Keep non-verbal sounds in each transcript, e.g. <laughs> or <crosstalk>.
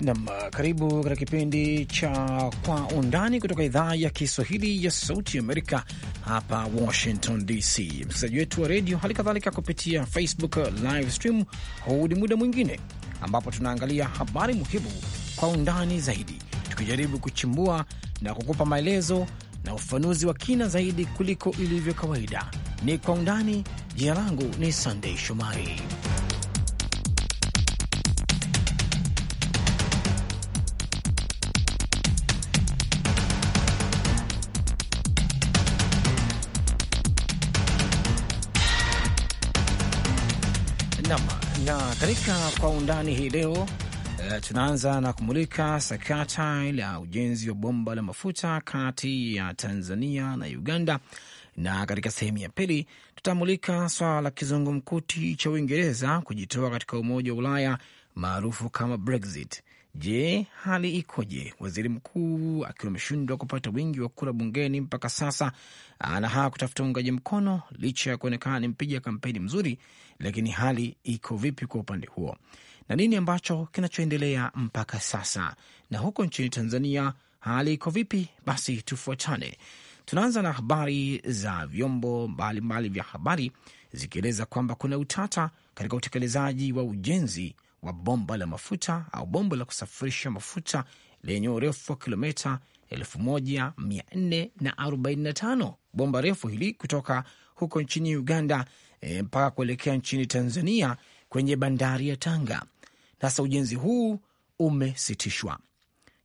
Nam, karibu katika kipindi cha Kwa Undani kutoka idhaa ya Kiswahili ya Sauti Amerika hapa Washington DC. Msikilizaji wetu wa redio, hali kadhalika kupitia Facebook live stream, huu ni muda mwingine ambapo tunaangalia habari muhimu kwa undani zaidi, tukijaribu kuchimbua na kukupa maelezo na ufafanuzi wa kina zaidi kuliko ilivyo kawaida. Ni Kwa Undani. Jina langu ni Sandei Shomari. Nam na katika kwa undani hii leo e, tunaanza na kumulika sakata la ujenzi wa bomba la mafuta kati ya Tanzania na Uganda, na katika sehemu ya pili tutamulika swala la kizungumkuti cha Uingereza kujitoa katika Umoja wa Ulaya maarufu kama Brexit. Je, hali ikoje? Waziri mkuu akiwa ameshindwa kupata wingi wa kura bungeni mpaka sasa, anahaa kutafuta uungaji mkono licha ya kuonekana ni mpiga kampeni mzuri, lakini hali iko vipi kwa upande huo na nini ambacho kinachoendelea mpaka sasa? Na huko nchini Tanzania hali iko vipi? Basi tufuatane. Tunaanza na habari za vyombo mbalimbali vya habari zikieleza kwamba kuna utata katika utekelezaji wa ujenzi wa bomba la mafuta au bomba la kusafirisha mafuta lenye urefu wa kilomita 1445 bomba refu hili kutoka huko nchini Uganda e, mpaka kuelekea nchini Tanzania kwenye bandari ya Tanga. Sasa ujenzi huu umesitishwa.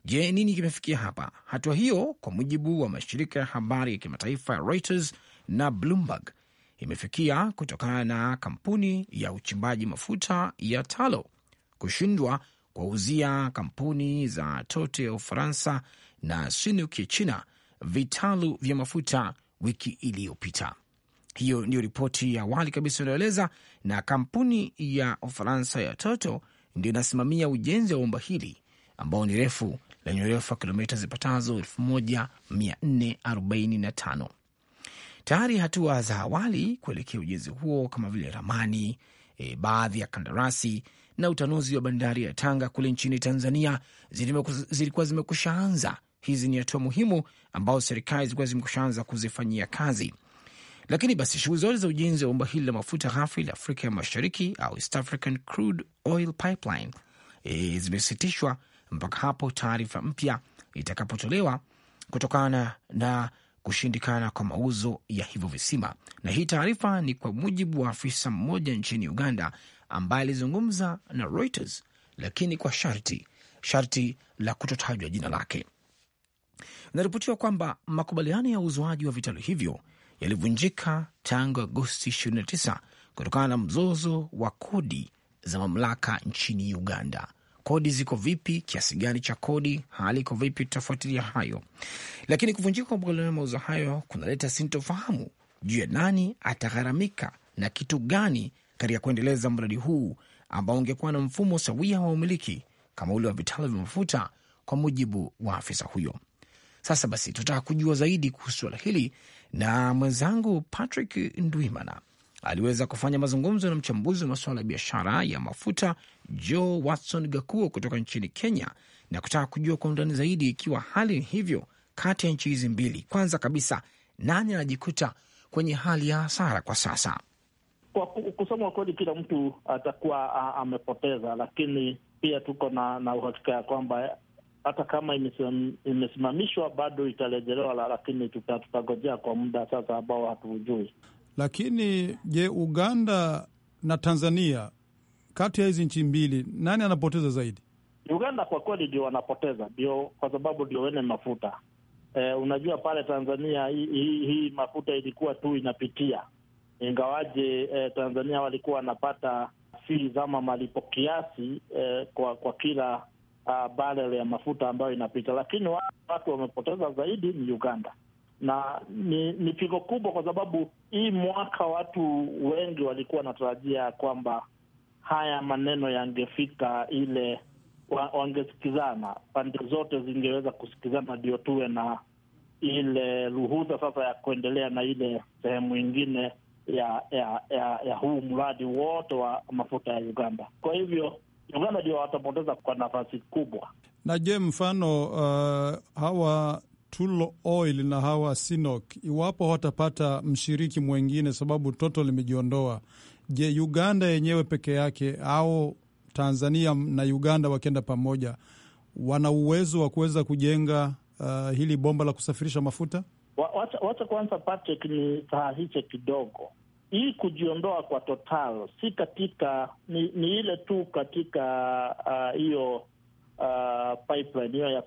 Je, nini kimefikia hapa? Hatua hiyo kwa mujibu wa mashirika ya habari ya kimataifa ya Reuters na Bloomberg imefikia kutokana na kampuni ya uchimbaji mafuta ya Talo kushindwa kuwauzia kampuni za Tote ya Ufaransa na Sinopec ya China vitalu vya mafuta wiki iliyopita. Hiyo ndiyo ripoti ya awali kabisa inayoeleza, na kampuni ya Ufaransa ya Toto ndio inasimamia ujenzi wa bomba hili ambao ni refu lenye urefu wa kilomita zipatazo 1445. Tayari hatua za awali kuelekea ujenzi huo kama vile ramani e, baadhi ya kandarasi na utanuzi wa bandari ya Tanga kule nchini Tanzania zilikuwa zimekusha anza Hizi ni hatua muhimu ambazo serikali zilikuwa anza kuzifanyia kazi, lakini basi shughuli zote za ujenzi wa bomba hili la mafuta ghafi la Afrika ya Mashariki au East African Crude Oil Pipeline e, zimesitishwa mpaka hapo taarifa mpya itakapotolewa kutokana na kushindikana kwa mauzo ya hivyo visima. Na hii taarifa ni kwa mujibu wa afisa mmoja nchini Uganda ambaye alizungumza na Reuters, lakini kwa sharti sharti la kutotajwa jina lake. Inaripotiwa kwamba makubaliano ya uzoaji wa vitalu hivyo yalivunjika tangu Agosti 29 kutokana na mzozo wa kodi za mamlaka nchini Uganda. Kodi ziko vipi? Kiasi gani cha kodi? Hali iko vipi? Tutafuatilia hayo, lakini kuvunjika kwa makubaliano ya mauzo hayo kunaleta sintofahamu juu ya nani atagharamika na kitu gani katika kuendeleza mradi huu ambao ungekuwa na mfumo sawia wa umiliki kama ule wa vitala vya mafuta, kwa mujibu wa afisa huyo. Sasa basi, tutaka kujua zaidi kuhusu suala hili, na mwenzangu Patrick Ndwimana aliweza kufanya mazungumzo na mchambuzi wa masuala ya biashara ya mafuta Joe Watson Gakuo kutoka nchini Kenya, na kutaka kujua kwa undani zaidi ikiwa hali hivyo kati ya nchi hizi mbili. Kwanza kabisa, nani anajikuta kwenye hali ya hasara kwa sasa? Kwa kusema kweli, kila mtu atakuwa amepoteza, lakini pia tuko na, na uhakika ya kwamba hata kama imesimamishwa bado itarejelewa, lakini tutangojea kwa muda sasa ambao hatuujui. Lakini je, Uganda na Tanzania, kati ya hizi nchi mbili nani anapoteza zaidi? Uganda kwa kweli ndio wanapoteza, ndio kwa sababu ndio wene mafuta. Eh, unajua pale Tanzania hii hi, hi mafuta ilikuwa tu inapitia ingawaje eh, Tanzania walikuwa wanapata fees ama malipo kiasi eh, kwa kwa kila uh, barrel ya mafuta ambayo inapita, lakini watu wamepoteza zaidi ni Uganda na ni, ni pigo kubwa, kwa sababu hii mwaka watu wengi walikuwa wanatarajia kwamba haya maneno yangefika ile wa, wangesikizana, pande zote zingeweza kusikizana, ndio tuwe na ile ruhusa sasa ya kuendelea na ile sehemu ingine ya ya ya, ya huu mradi wote wa mafuta ya Uganda. Kwa hivyo Uganda ndio watapoteza kwa nafasi kubwa. Na je, mfano uh, hawa Tullow Oil na hawa Sinok, iwapo hawatapata mshiriki mwengine, sababu toto limejiondoa, je, Uganda yenyewe peke yake au Tanzania na Uganda wakienda pamoja, wana uwezo wa kuweza kujenga uh, hili bomba la kusafirisha mafuta? Wacha kwanza Patrick ni sahahishe kidogo hii kujiondoa kwa Total si katika ni, ni ile tu katika ah, hiyo uh, uh, pipeline hiyo ya,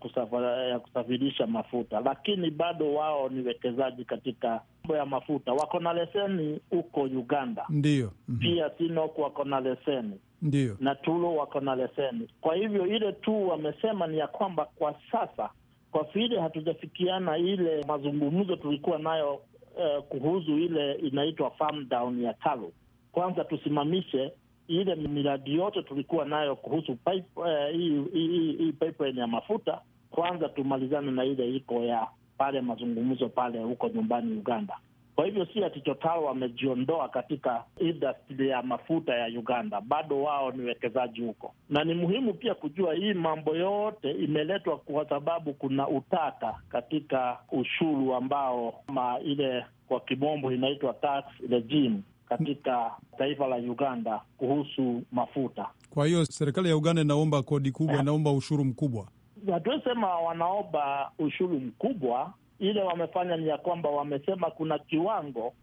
ya kusafirisha mafuta, lakini bado wao ni wekezaji katika mambo ya mafuta. Wako na leseni huko Uganda ndio mm -hmm. Pia Sinok wako na leseni ndio, na Tulo wako na leseni. Kwa hivyo ile tu wamesema ni ya kwamba kwa sasa kwa vile hatujafikiana ile mazungumzo tulikuwa nayo eh, kuhusu ile inaitwa farm down ya Talo. Kwanza tusimamishe ile miradi yote tulikuwa nayo kuhusu eh, hii, pipeline ya mafuta kwanza tumalizane na ile iko ya pale mazungumzo pale huko nyumbani Uganda. Kwa hivyo si ati Total wamejiondoa katika industry ya mafuta ya Uganda, bado wao ni wekezaji huko, na ni muhimu pia kujua hii mambo yote imeletwa kwa sababu kuna utata katika ushuru ambao ma ile kwa kimombo inaitwa tax regime katika taifa la Uganda kuhusu mafuta. Kwa hiyo serikali ya Uganda inaomba kodi kubwa, inaomba ushuru mkubwa. Hatuwezi sema wanaomba ushuru mkubwa, ile wamefanya ni ya kwamba wamesema kuna kiwango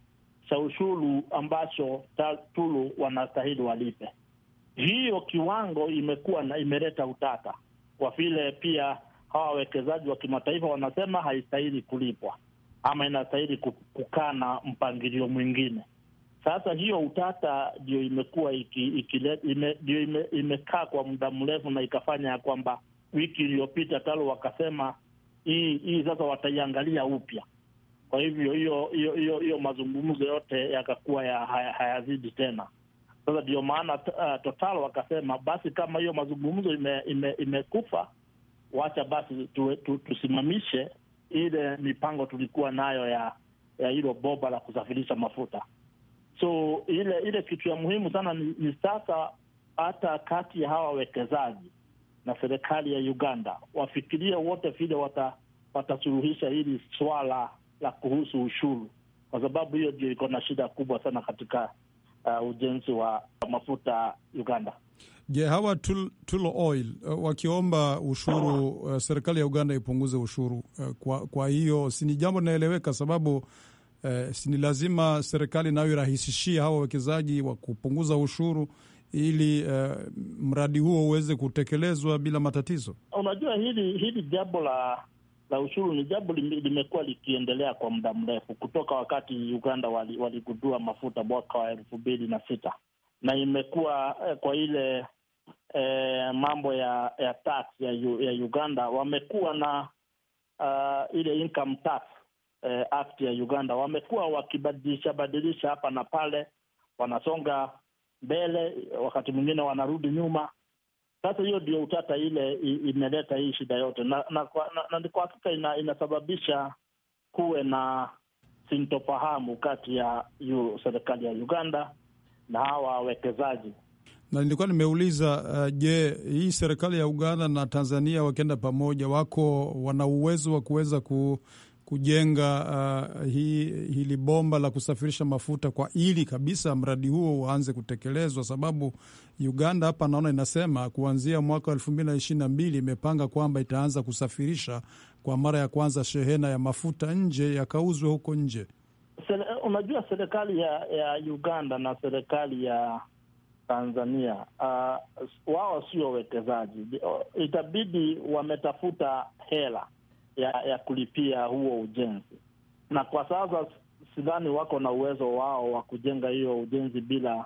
cha ushuru ambacho Tulu wanastahili walipe. Hiyo kiwango imekuwa na imeleta utata, kwa vile pia hawa wawekezaji wa kimataifa wanasema haistahili kulipwa ama inastahili kukaa na mpangilio mwingine. Sasa hiyo utata ndio imekuwa ikilet, ime, ime, imekaa kwa muda mrefu na ikafanya ya kwamba wiki iliyopita Talo wakasema hii hii sasa wataiangalia upya. Kwa hivyo hiyo hiyo hiyo hiyo mazungumzo yote yakakuwa ya hayazidi haya tena. Sasa ndio maana uh, Total wakasema basi, kama hiyo mazungumzo imekufa ime, ime wacha basi tu, tu, tusimamishe ile mipango tulikuwa nayo ya ya hilo bomba la kusafirisha mafuta. So ile ile kitu ya muhimu sana ni, ni sasa hata kati ya hawa wawekezaji na serikali ya Uganda wafikirie wote vile wata, watasuluhisha hili swala la kuhusu ushuru, kwa sababu hiyo ndio iko na shida kubwa sana katika uh, ujenzi wa mafuta Uganda. Je, hawa tul, Oil uh, wakiomba ushuru uh, serikali ya Uganda ipunguze ushuru uh, kwa, kwa hiyo si ni jambo linaeleweka, sababu uh, si ni lazima serikali nayo irahisishie hawa wawekezaji wa kupunguza ushuru ili uh, mradi huo uweze kutekelezwa bila matatizo? Unajua, hili hili jambo la la ushuru ni jambo limekuwa likiendelea kwa muda mrefu, kutoka wakati Uganda waligundua wali mafuta mwaka wa elfu mbili na sita na imekuwa eh, kwa ile eh, mambo ya ya tax ya, ya Uganda wamekuwa na uh, ile income tax eh, act ya Uganda wamekuwa wakibadilisha badilisha hapa na pale, wanasonga mbele, wakati mwingine wanarudi nyuma. Sasa hiyo ndio utata ile imeleta hii shida yote, na na, na, na, kwa hakika ina, inasababisha kuwe na sintofahamu kati ya serikali ya Uganda na hawa wawekezaji. Na nilikuwa nimeuliza uh, je, hii serikali ya Uganda na Tanzania wakienda pamoja, wako wana uwezo wa kuweza ku kujenga uh, hi, hili bomba la kusafirisha mafuta kwa ili kabisa mradi huo uanze kutekelezwa, sababu Uganda hapa naona inasema kuanzia mwaka elfu mbili na ishirini na mbili imepanga kwamba itaanza kusafirisha kwa mara ya kwanza shehena ya mafuta nje yakauzwe huko nje. Sele, unajua serikali ya, ya Uganda na serikali ya Tanzania uh, wao sio wawekezaji, itabidi wametafuta hela ya, ya kulipia huo ujenzi, na kwa sasa sidhani wako na uwezo wao wa kujenga hiyo ujenzi bila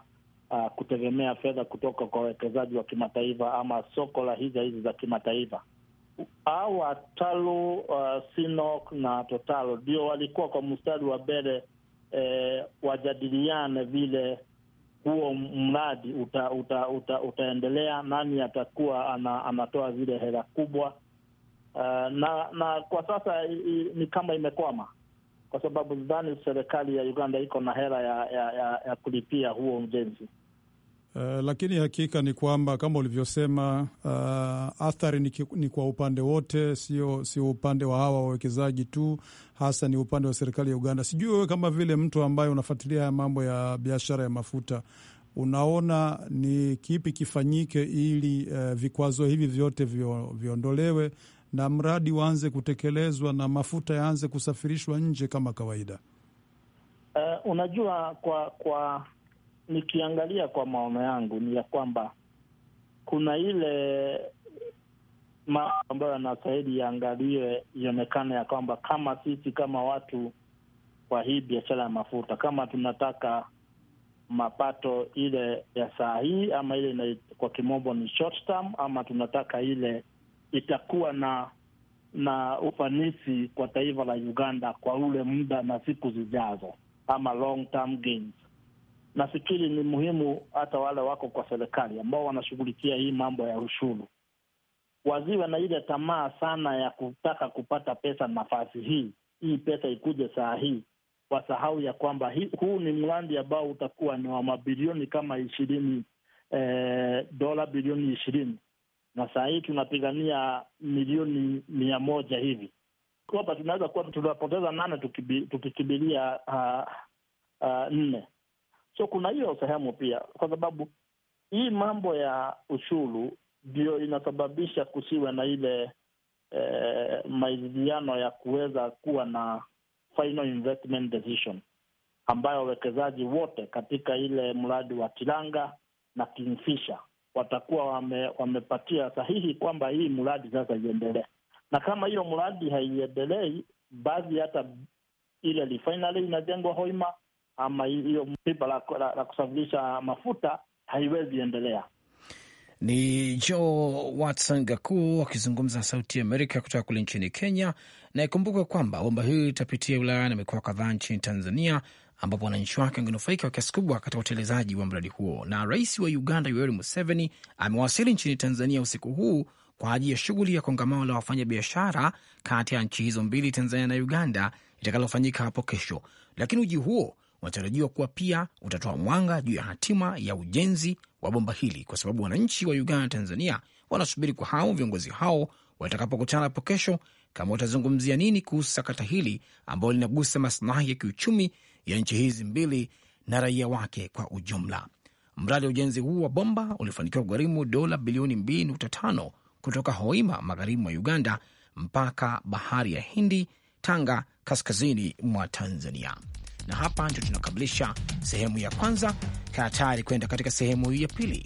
uh, kutegemea fedha kutoka kwa wawekezaji wa kimataifa ama soko la hisa hizi za kimataifa. Hawa TALU, uh, na Totalo ndio walikuwa kwa mstari wa mbele eh, wajadiliane vile huo mradi uta, uta, uta, utaendelea, nani atakuwa ana, anatoa zile hela kubwa Eh, na na kwa sasa i, i, ni kama imekwama, kwa sababu dhani serikali ya Uganda iko na hela ya, ya, ya, ya kulipia huo ujenzi. Uh, lakini hakika ni kwamba kama ulivyosema, uh, athari ni, ni kwa upande wote, sio sio upande wa hawa wawekezaji tu, hasa ni upande wa serikali ya Uganda. Sijui wewe kama vile mtu ambaye unafuatilia haya mambo ya biashara ya mafuta unaona ni kipi kifanyike ili uh, vikwazo hivi vyote viondolewe na mradi uanze kutekelezwa na mafuta yaanze kusafirishwa nje kama kawaida? Uh, unajua kwa kwa nikiangalia kwa maono yangu ni ya kwamba kuna ile mambo ambayo yanastahili yaangaliwe, ionekane ya kwamba kama sisi kama watu kwa hii biashara ya mafuta, kama tunataka mapato ile ya saa hii ama ile kwa kimombo ni short term, ama tunataka ile itakuwa na na ufanisi kwa taifa la Uganda kwa ule muda na siku zijazo, ama long term gains. Nafikiri ni muhimu hata wale wako kwa serikali ambao wanashughulikia hii mambo ya ushuru waziwe na ile tamaa sana ya kutaka kupata pesa nafasi hii hii pesa ikuje saa hii, wasahau ya kwamba huu ni mradi ambao utakuwa ni wa mabilioni kama ishirini eh, dola bilioni ishirini na saa hii tunapigania milioni mia moja hivi, kwamba tunaweza kuwa tunapoteza nane tukikimbilia uh, uh, nne. So kuna hiyo sehemu pia, kwa sababu hii mambo ya ushuru ndio inasababisha kusiwe na ile eh, maridhiano ya kuweza kuwa na final investment decision ambayo wawekezaji wote katika ile mradi wa Kiranga na Kingfisher watakuwa wame, wamepatia sahihi kwamba hii mradi sasa iendelee, na kama hiyo mradi haiendelei, basi hata ile refinery inajengwa Hoima ama hiyo pipa la, la, la kusafirisha mafuta haiwezi endelea. Ni Joe Watson Gaku akizungumza Sauti ya Amerika kutoka kule nchini Kenya, na ikumbuke kwamba bomba hili litapitia wilaya na mikoa kadhaa nchini Tanzania ambapo wananchi wake wangenufaika kwa kiasi kubwa katika utelezaji wa mradi huo. Na rais wa Uganda Yoweri Museveni amewasili nchini Tanzania usiku huu kwa ajili ya shughuli ya kongamano la wafanyabiashara kati ya nchi hizo mbili, Tanzania na Uganda, itakalofanyika hapo kesho. Lakini uji huo unatarajiwa kuwa pia utatoa mwanga juu ya hatima ya ujenzi wa bomba hili, kwa sababu wananchi wa Uganda na Tanzania wanasubiri kwa hao viongozi hao watakapokutana hapo kesho, kama watazungumzia nini kuhusu sakata hili ambalo linagusa maslahi ya kiuchumi ya nchi hizi mbili na raia wake kwa ujumla. Mradi wa ujenzi huu wa bomba ulifanikiwa kugharimu dola bilioni 2.5 kutoka Hoima, magharibi mwa Uganda, mpaka bahari ya Hindi, Tanga, kaskazini mwa Tanzania. Na hapa ndio tunakamilisha sehemu ya kwanza. Kaa tayari kwenda katika sehemu hii ya pili.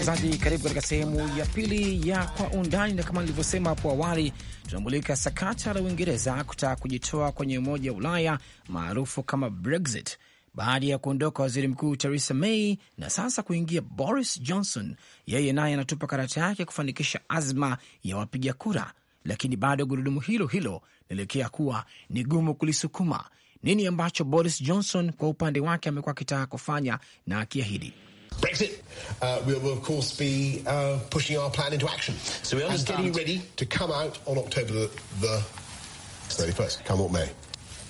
msikilizaji, karibu katika sehemu ya pili ya Kwa Undani, na kama nilivyosema hapo awali, tunamulika sakata la Uingereza kutaka kujitoa kwenye Umoja wa Ulaya maarufu kama Brexit baada ya kuondoka waziri mkuu Theresa May na sasa kuingia Boris Johnson. Yeye naye anatupa karata yake kufanikisha azma ya wapiga kura, lakini bado gurudumu hilo hilo linaelekea kuwa ni gumu kulisukuma. Nini ambacho Boris Johnson kwa upande wake amekuwa akitaka kufanya na akiahidi? Brexit, uh, we will, of course, be uh, pushing our plan into action. So we are just getting ready to come out on October the, the 31st, come what may.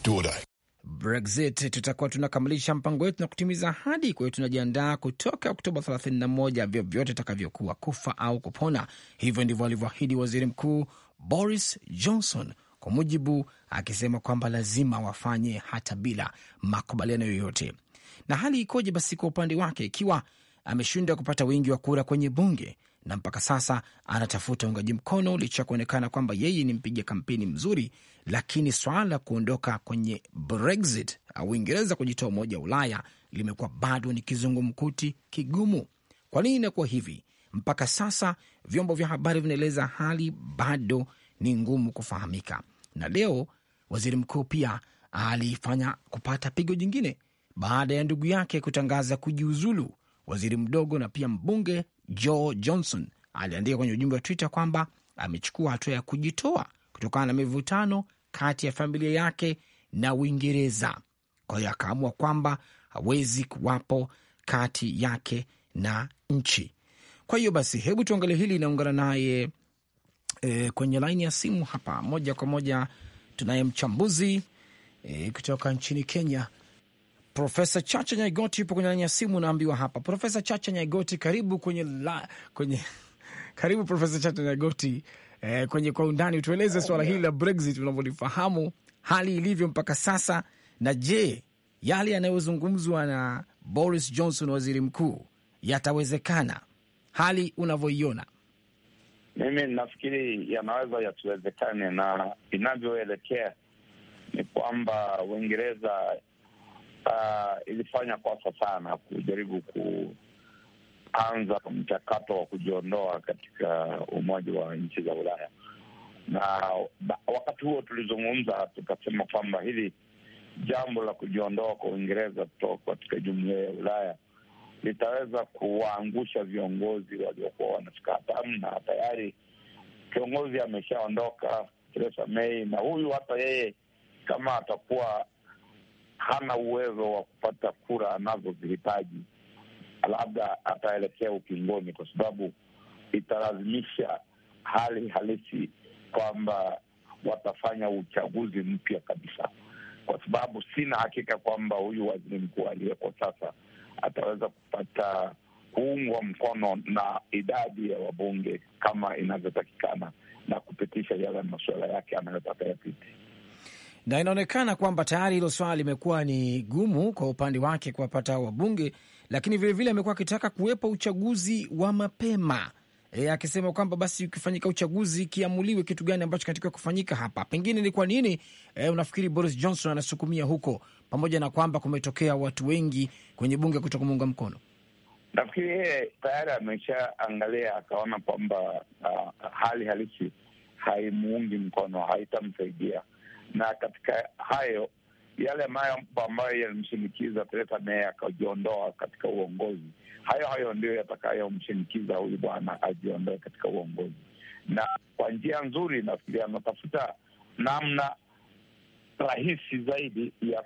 Do or die. Brexit, tutakuwa tunakamilisha mpango wetu na kutimiza ahadi. Kwa hiyo tunajiandaa kutoka Oktoba 31, vyovyote itakavyokuwa, kufa au kupona. Hivyo ndivyo alivyoahidi waziri mkuu Boris Johnson, kwa mujibu akisema kwamba lazima wafanye hata bila makubaliano yoyote na hali ikoje basi kwa upande wake ikiwa ameshindwa kupata wingi wa kura kwenye bunge na mpaka sasa anatafuta uungaji mkono licha ya kuonekana kwamba yeye ni mpiga kampeni mzuri, lakini swala la kuondoka kwenye Brexit au Uingereza kujitoa Umoja wa Ulaya limekuwa bado ni kizungumkuti kigumu. Kwa nini inakuwa hivi? Mpaka sasa vyombo vya habari vinaeleza hali bado ni ngumu kufahamika, na leo waziri mkuu pia alifanya kupata pigo jingine baada ya ndugu yake kutangaza kujiuzulu. Waziri mdogo na pia mbunge Joe Johnson aliandika kwenye ujumbe wa Twitter kwamba amechukua hatua ya kujitoa kutokana na mivutano kati ya familia yake na Uingereza. Kwa hiyo akaamua kwamba hawezi kuwapo kati yake na nchi. Kwa hiyo basi, hebu tuangalie hili. Inaungana naye e, kwenye laini ya simu hapa moja kwa moja tunaye mchambuzi e, kutoka nchini Kenya Profesa Chacha Nyaigoti yupo kwenye laini ya simu, naambiwa hapa. Profesa Chacha Nyaigoti, karibu kwenye la, kwenye <laughs> karibu Profesa Chacha Nyaigoti eh, kwenye kwa undani, tueleze swala hili la Brexit unavyolifahamu hali ilivyo mpaka sasa, na je, yale yanayozungumzwa na Boris Johnson waziri mkuu yatawezekana? Hali unavyoiona? Mimi nafikiri yanaweza yatuwezekane na inavyoelekea ni kwamba Uingereza uh, ilifanya kosa sana kujaribu kuanza mchakato wa kujiondoa katika umoja wa nchi za Ulaya, na wakati huo tulizungumza tukasema kwamba hili jambo la kujiondoa kwa Uingereza kutoka katika jumuiya ya Ulaya litaweza kuwaangusha viongozi waliokuwa wanafika hatamu, na tayari kiongozi ameshaondoka Theresa May, na huyu hata yeye kama atakuwa hana uwezo wa kupata kura anazozihitaji, labda ataelekea ukingoni, kwa sababu italazimisha hali halisi kwamba watafanya uchaguzi mpya kabisa, kwa sababu sina hakika kwamba huyu waziri mkuu aliyeko sasa ataweza kupata kuungwa mkono na idadi ya wabunge kama inavyotakikana na kupitisha yale masuala yake anayotaka yapiti na inaonekana kwamba tayari hilo swala limekuwa ni gumu kwa upande wake kuwapata hao wabunge, lakini vilevile amekuwa vile akitaka kuwepo uchaguzi wa mapema e, akisema kwamba basi ukifanyika uchaguzi kiamuliwe kitu gani ambacho kinatakiwa kufanyika hapa. Pengine ni kwa nini e, unafikiri Boris Johnson anasukumia huko, pamoja na kwamba kumetokea watu wengi kwenye bunge kuto kumuunga mkono? Nafikiri yeye tayari ameshaangalia akaona kwamba uh, hali halisi haimuungi mkono, haitamsaidia na katika hayo yale mambo ambayo yalimshinikiza Theresa May akajiondoa katika uongozi, hayo hayo ndio yatakayomshinikiza huyu bwana ajiondoe katika uongozi. Na kwa njia nzuri, nafikiria anatafuta namna rahisi zaidi ya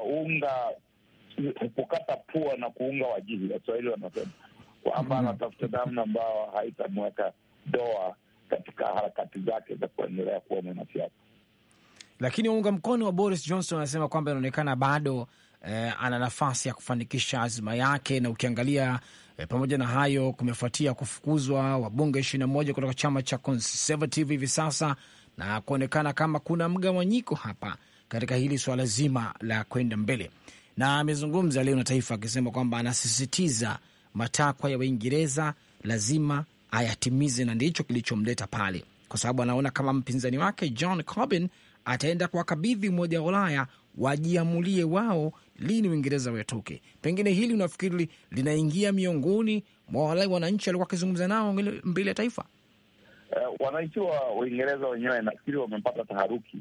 kuunga uh, kukata pua na kuunga wajihi, Waswahili wanasema kwamba mm-hmm. anatafuta namna ambayo haitamweka doa katika harakati zake za kuendelea kuwa mwanasiasa. Lakini waunga mkono wa Boris Johnson anasema kwamba inaonekana bado eh, ana nafasi ya kufanikisha azima yake, na ukiangalia eh, pamoja na hayo kumefuatia kufukuzwa wabunge ishirini na moja kutoka chama cha Conservative hivi sasa na kuonekana kama kuna mgawanyiko hapa katika hili swala zima la kwenda mbele, na amezungumza leo na taifa akisema kwamba anasisitiza matakwa ya Waingereza lazima ayatimize, na ndicho kilichomleta pale, kwa sababu anaona kama mpinzani wake John Corbyn ataenda kuwakabidhi Umoja wa Ulaya wajiamulie wao lini Uingereza watoke. Pengine hili unafikiri linaingia miongoni mwa wale wananchi alikuwa akizungumza nao mbele ya taifa? Uh, wananchi wa Uingereza wenyewe nafikiri wamepata taharuki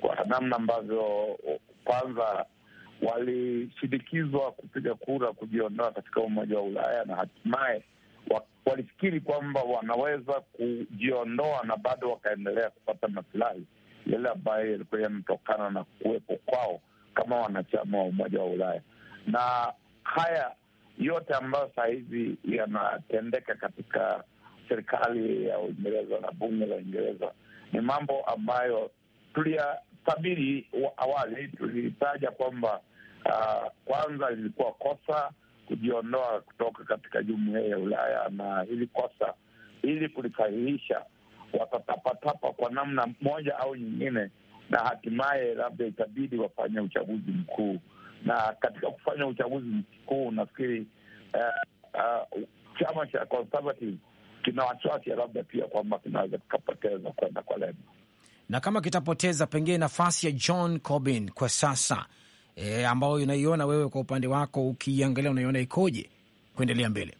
kwa namna ambavyo kwanza walishindikizwa kupiga kura kujiondoa katika Umoja wa Ulaya na hatimaye walifikiri kwamba wanaweza kujiondoa na bado wakaendelea kupata masilahi yale ambayo yalikuwa yanatokana na kuwepo kwao kama wanachama wa Umoja wa Ulaya, na haya yote ambayo saa hizi yanatendeka katika serikali ya Uingereza na bunge la Uingereza ni mambo ambayo tuliyatabiri awali. Tulitaja kwamba uh, kwanza lilikuwa kosa kujiondoa kutoka katika jumuiya ya Ulaya, na hili kosa ili kulisahihisha watatapatapa kwa namna moja au nyingine, na hatimaye labda itabidi wafanye uchaguzi mkuu. Na katika kufanya uchaguzi mkuu nafikiri uh, uh, chama cha Conservative kina wasiwasi labda pia kwamba kinaweza kikapoteza kwenda kwa Leba, na kama kitapoteza pengine nafasi ya John cobin kwa sasa e, ambayo unaiona wewe kwa upande wako, ukiangalia unaiona ikoje kuendelea mbele?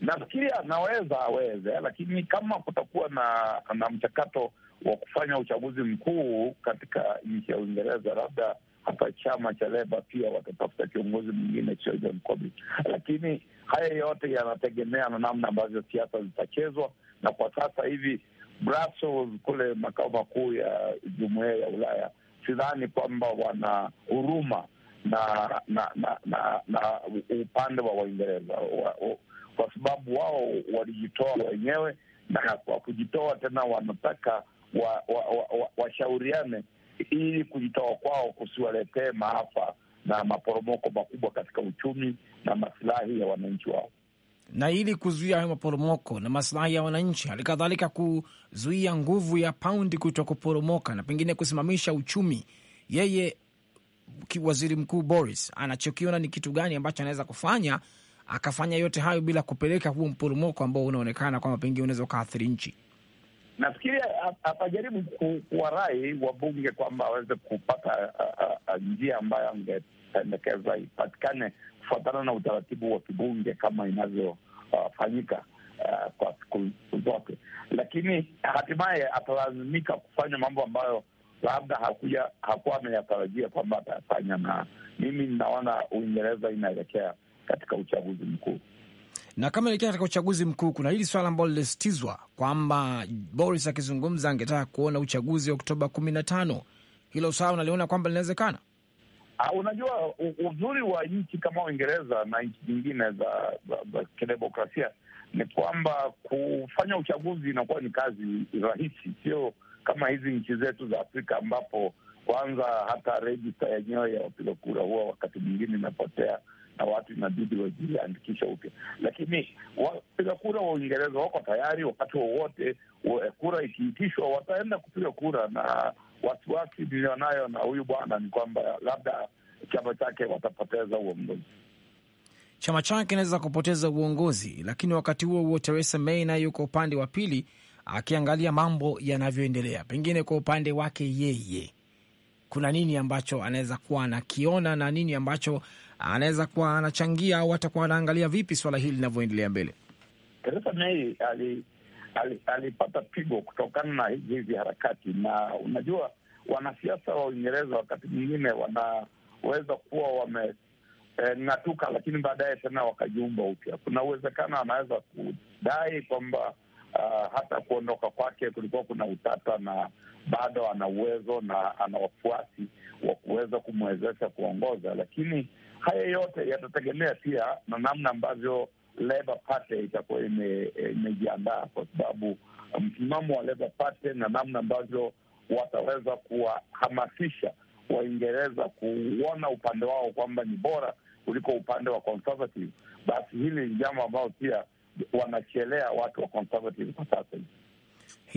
Nafikiri anaweza aweze, lakini kama kutakuwa na, na mchakato wa kufanya uchaguzi mkuu katika nchi ya Uingereza, labda hata chama cha Leba pia watatafuta kiongozi mwingine sio John Corbyn. Lakini haya yote yanategemea na namna ambavyo siasa zitachezwa, na kwa sasa hivi Brussels, kule makao makuu ya jumuiya ya Ulaya, sidhani kwamba wana huruma na na, na, na na upande wa Waingereza wa, wa, kwa sababu wao walijitoa wenyewe, na kwa kujitoa tena wanataka washauriane wa, wa, wa, wa ili kujitoa kwao kusiwaletee maafa na maporomoko makubwa katika uchumi na masilahi ya wananchi wao na ili kuzuia hayo maporomoko na maslahi ya wananchi, hali kadhalika kuzuia nguvu ya paundi kuto kuporomoka na pengine kusimamisha uchumi, yeye waziri mkuu Boris anachokiona ni kitu gani ambacho anaweza kufanya akafanya yote hayo bila kupeleka huo mporomoko ambao unaonekana kwamba pengine unaweza ukaathiri nchi? Nafikiri atajaribu kuwarai wabunge kwamba aweze kupata njia ambayo angependekeza ipatikane kufuatana na utaratibu wa kibunge kama inavyofanyika uh, kwa siku zote, lakini hatimaye atalazimika kufanya mambo ambayo labda hakuja hakuwa ameyatarajia kwamba atayafanya, na mimi ninaona Uingereza inaelekea katika uchaguzi mkuu. Na kama ilekea katika uchaguzi mkuu, kuna hili swala ambalo lilisitizwa kwamba Boris akizungumza angetaka kuona uchaguzi wa Oktoba kumi na tano. Hilo swala unaliona kwamba linawezekana? Ah, unajua, uzuri wa nchi kama Uingereza na nchi nyingine za, za, za kidemokrasia ni kwamba kufanya uchaguzi inakuwa ni kazi rahisi, sio kama hizi nchi zetu za Afrika ambapo kwanza hata rejista yenyewe ya wapiga kura huwa wakati mwingine imepotea na watu inabidi wajiandikisha upya. Lakini wapiga kura wa Uingereza wako tayari, wakati wowote wa eh, kura ikiitishwa, wataenda kupiga kura, na wasiwasi nilionayo na huyu bwana ni kwamba labda chama chake watapoteza uongozi chama chake inaweza kupoteza uongozi, lakini wakati huo huo Theresa May naye yuko upande wa pili akiangalia mambo yanavyoendelea. Pengine kwa upande wake yeye kuna nini ambacho anaweza kuwa anakiona na nini ambacho anaweza kuwa anachangia au atakuwa anaangalia vipi swala hili linavyoendelea mbele? Theresa May alipata pigo kutokana na hizi hizi harakati, na unajua wanasiasa wa Uingereza wakati mwingine wanaweza kuwa wameng'atuka, e, lakini baadaye tena wakajiumba upya. Kuna uwezekano anaweza kudai kwamba Uh, hata kuondoka kwake kulikuwa kuna utata na bado ana uwezo na ana wafuasi, wa kuweza kumwezesha kuongoza, lakini haya yote yatategemea pia na namna ambavyo Labour Party itakuwa imejiandaa, kwa sababu msimamo wa Labour Party na namna ambavyo wataweza kuwahamasisha Waingereza kuona upande wao kwamba ni bora kuliko upande wa Conservative, basi hili ni jambo ambayo pia wanachelea watu wa Conservative kwa sasa hivi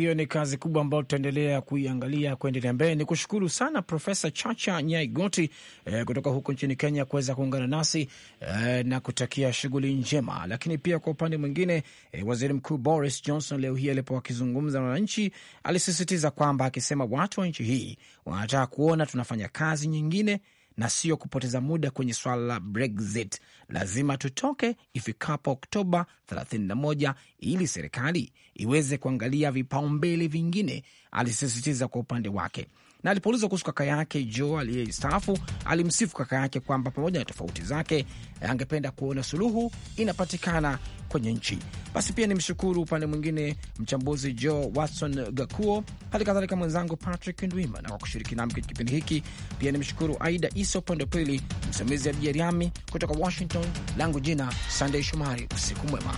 hiyo ni kazi kubwa ambayo tutaendelea kuiangalia kuendelea mbele. Ni kushukuru sana Profesa Chacha Nyaigoti eh, kutoka huko nchini Kenya kuweza kuungana nasi eh, na kutakia shughuli njema. Lakini pia kwa upande mwingine eh, waziri mkuu Boris Johnson leo hii alipo akizungumza na wananchi alisisitiza kwamba, akisema watu wa nchi hii wanataka kuona tunafanya kazi nyingine na sio kupoteza muda kwenye swala la Brexit. Lazima tutoke ifikapo Oktoba 31 ili serikali iweze kuangalia vipaumbele vingine, alisisitiza kwa upande wake na alipoulizwa kuhusu kaka yake Joe aliyestaafu, alimsifu kaka yake kwamba pamoja na tofauti zake angependa kuona suluhu inapatikana kwenye nchi. Basi pia nimshukuru upande mwingine mchambuzi Joe Watson Gakuo, hali kadhalika mwenzangu Patrick Ndwima na kwa kushiriki nami kwenye kipindi hiki. Pia nimshukuru Aida Isa upande wa pili, msimamizi Abdiariami kutoka Washington. Langu jina Sandey Shomari, usiku mwema.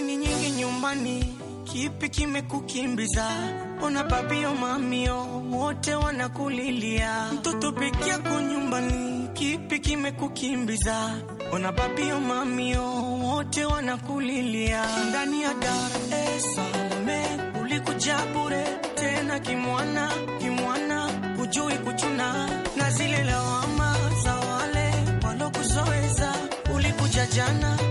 kwani kipi kimekukimbiza? Ona babio mamio wote wanakulilia, mtoto peke yako nyumbani, kipi kimekukimbiza? Ona babio mamio wote wanakulilia, ndani ya Dar es Salaam ulikuja bure tena, kimwana kimwana, hujui kuchuna na zile lawama za wale walokuzoweza, ulikuja jana